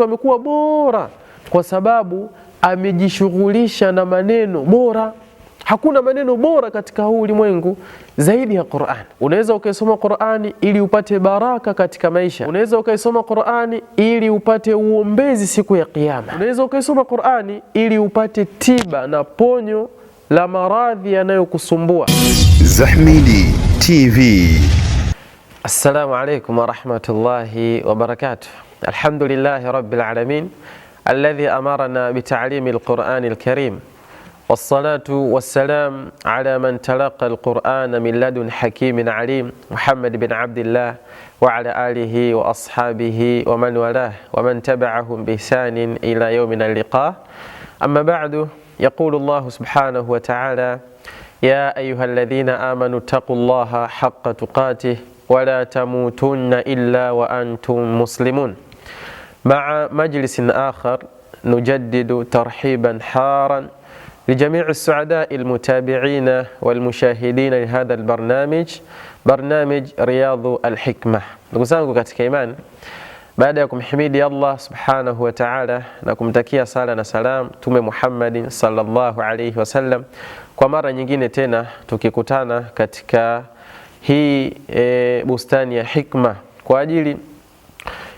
mtu amekuwa bora kwa sababu amejishughulisha na maneno bora. Hakuna maneno bora katika huu ulimwengu zaidi ya Qur'an. Unaweza ukaisoma Qur'ani ili upate baraka katika maisha. Unaweza ukaisoma Qur'ani ili upate uombezi siku ya Kiyama. Unaweza ukaisoma Qur'ani ili upate tiba na ponyo la maradhi yanayokusumbua. Zahmidi TV. Assalamu alaikum wa rahmatullahi wa barakatuh. الحمد لله رب العالمين الذي أمرنا بتعليم القرآن الكريم والصلاة والسلام على من تلقى القرآن من لدن حكيم عليم محمد بن عبد الله وعلى آله وأصحابه ومن والاه ومن تبعهم بإحسان إلى يومنا اللقاء أما بعد يقول الله سبحانه وتعالى يا أيها الذين آمنوا اتقوا الله حق تقاته ولا تموتن إلا وأنتم مسلمون مع مجلس آخر نجدد ترحيبا حارا لجميع السعداء المتابعين والمشاهدين لهذا البرنامج برنامج رياض الحكمة نقول كيمان بعد يكم حميدي الله سبحانه وتعالى نكم تكيا سالنا سلام توم محمد صلى الله عليه وسلم ومرة نجينا تنا تكيكتانا كتكا هي بستان حكمة kwa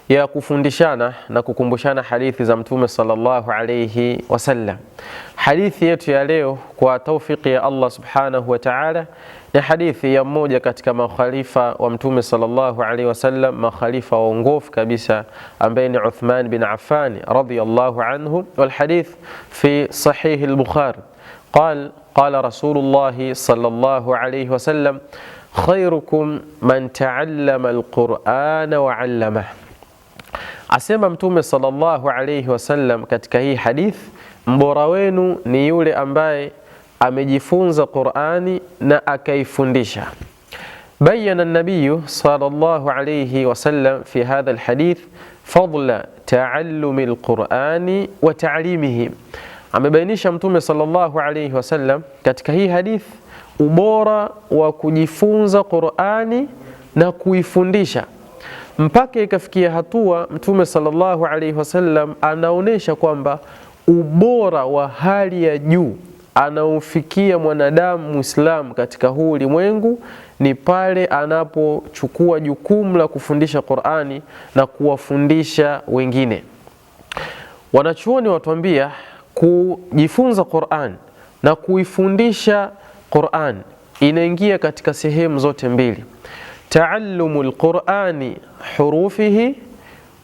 ya kufundishana na kukumbushana hadithi za Mtume sallallahu alayhi wasallam. Hadithi yetu ya leo kwa taufiki ya Allah subhanahu wa ta'ala ni hadithi ya mmoja katika makhalifa wa Mtume sallallahu alayhi wasallam, makhalifa waongofu kabisa, ambaye ni Uthman bin Affan radhiyallahu anhu. Wal hadith fi sahih al-Bukhari qala qala Rasulullah sallallahu alayhi wasallam khayrukum man ta'allama al-Qur'ana wa 'allamahu Asema Mtume sallallahu alayhi wasallam katika hii hadith, mbora wenu ni yule ambaye amejifunza Qur'ani na akaifundisha. Bayana النبي sallallahu alayhi wasallam fi hadha هذا fadla taallumi تعلم wa ta'limihi, amebainisha Mtume sallallahu alayhi wasallam katika hii hadith ubora wa kujifunza Qur'ani na kuifundisha. mpaka ikafikia hatua Mtume sallallahu alaihi wasallam anaonyesha kwamba ubora wa hali ya juu anaofikia mwanadamu Muislam katika huu ulimwengu ni pale anapochukua jukumu la kufundisha Qur'ani na kuwafundisha wengine. Wanachuoni watuambia kujifunza Qur'an na kuifundisha Qur'an inaingia katika sehemu zote mbili taallumu lqurani hurufihi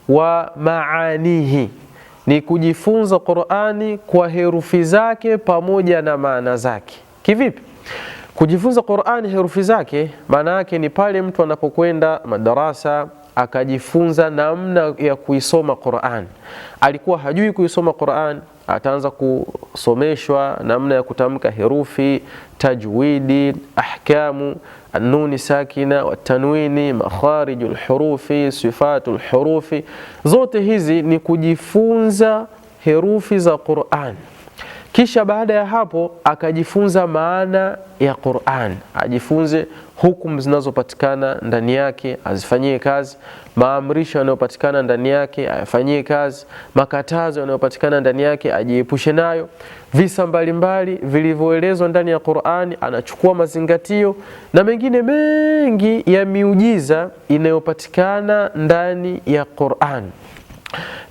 wa maanihi, ni kujifunza Qurani kwa herufi zake pamoja na maana zake. Kivipi? Kujifunza Qurani herufi zake, maana yake ni pale mtu anapokwenda madarasa akajifunza namna ya kuisoma Qur'an. Alikuwa hajui kuisoma Qur'an, ataanza kusomeshwa namna ya kutamka herufi, tajwidi, ahkamu nuni sakina watanwini, makhariju lhurufi, sifatu lhurufi, zote hizi ni kujifunza herufi za Qur'an. Kisha baada ya hapo akajifunza maana ya Qur'an, ajifunze hukumu zinazopatikana ndani yake azifanyie kazi, maamrisho yanayopatikana ndani yake ayafanyie kazi, makatazo yanayopatikana ndani yake ajiepushe nayo. Visa mbalimbali vilivyoelezwa ndani ya Qur'ani anachukua mazingatio, na mengine mengi ya miujiza inayopatikana ndani ya Qur'an,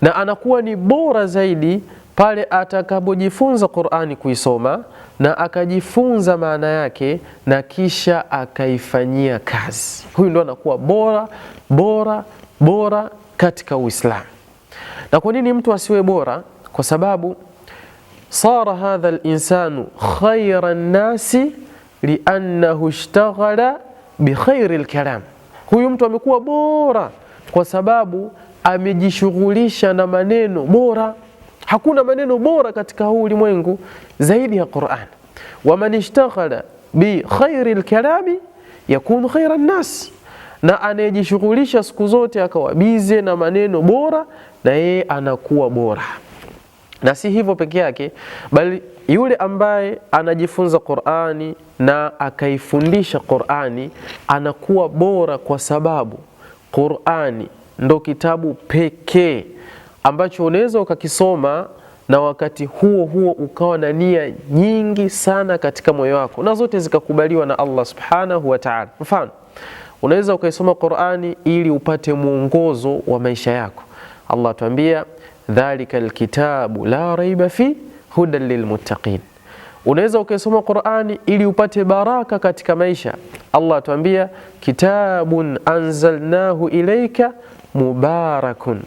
na anakuwa ni bora zaidi pale atakapojifunza Qur'ani kuisoma na akajifunza maana yake na kisha akaifanyia kazi, huyu ndo anakuwa bora bora bora katika Uislamu. Na kwa nini mtu asiwe bora? Kwa sababu sara hadha linsanu khaira nnasi liannahu ishtaghala bikhairi lkalam, huyu mtu amekuwa bora kwa sababu amejishughulisha na maneno bora Hakuna maneno bora katika huu ulimwengu zaidi ya Qur'an. man ishtaghala bi khairi lkalami yakunu khaira nnas, na anayejishughulisha siku zote akawabize na maneno bora, na yeye anakuwa bora. Na si hivyo peke yake, bali yule ambaye anajifunza Qur'ani na akaifundisha Qur'ani anakuwa bora, kwa sababu Qur'ani ndo kitabu pekee ambacho unaweza ukakisoma na wakati huo huo ukawa na nia nyingi sana katika moyo wako na zote zikakubaliwa na Allah subhanahu wa ta'ala. Mfano, unaweza ukaisoma Qur'ani ili upate mwongozo wa maisha yako. Allah atuambia dhalika alkitabu la raiba fi hudan lilmuttaqin. Unaweza ukaisoma Qur'ani ili upate baraka katika maisha. Allah atuambia kitabun anzalnahu ilayka mubarakun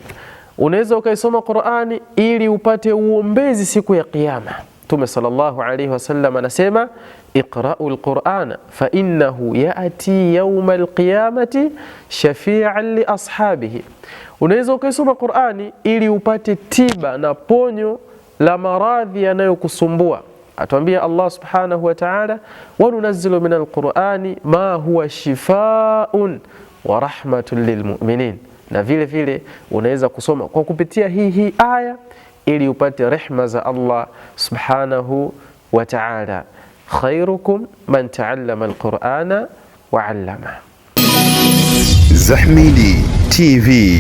unaweza ukaisoma Qur'ani ili upate uombezi siku ya Kiyama. Mtume sallallahu alayhi wasallam anasema iqra'u lqurana fa innahu yati yauma lqiyamati shafian li ashabihi, unaweza ukaisoma Qur'ani ili upate tiba na ponyo la maradhi yanayokusumbua. Atuambia Allah subhanahu wa ta'ala, wanunazilu min alqurani ma huwa shifaun wa rahmatun lilmuminin na vile vile unaweza kusoma kwa kupitia hii hii aya ili upate rehma za Allah subhanahu wa ta'ala. Khairukum man taallama alqur'ana wa allama. Zahmidi TV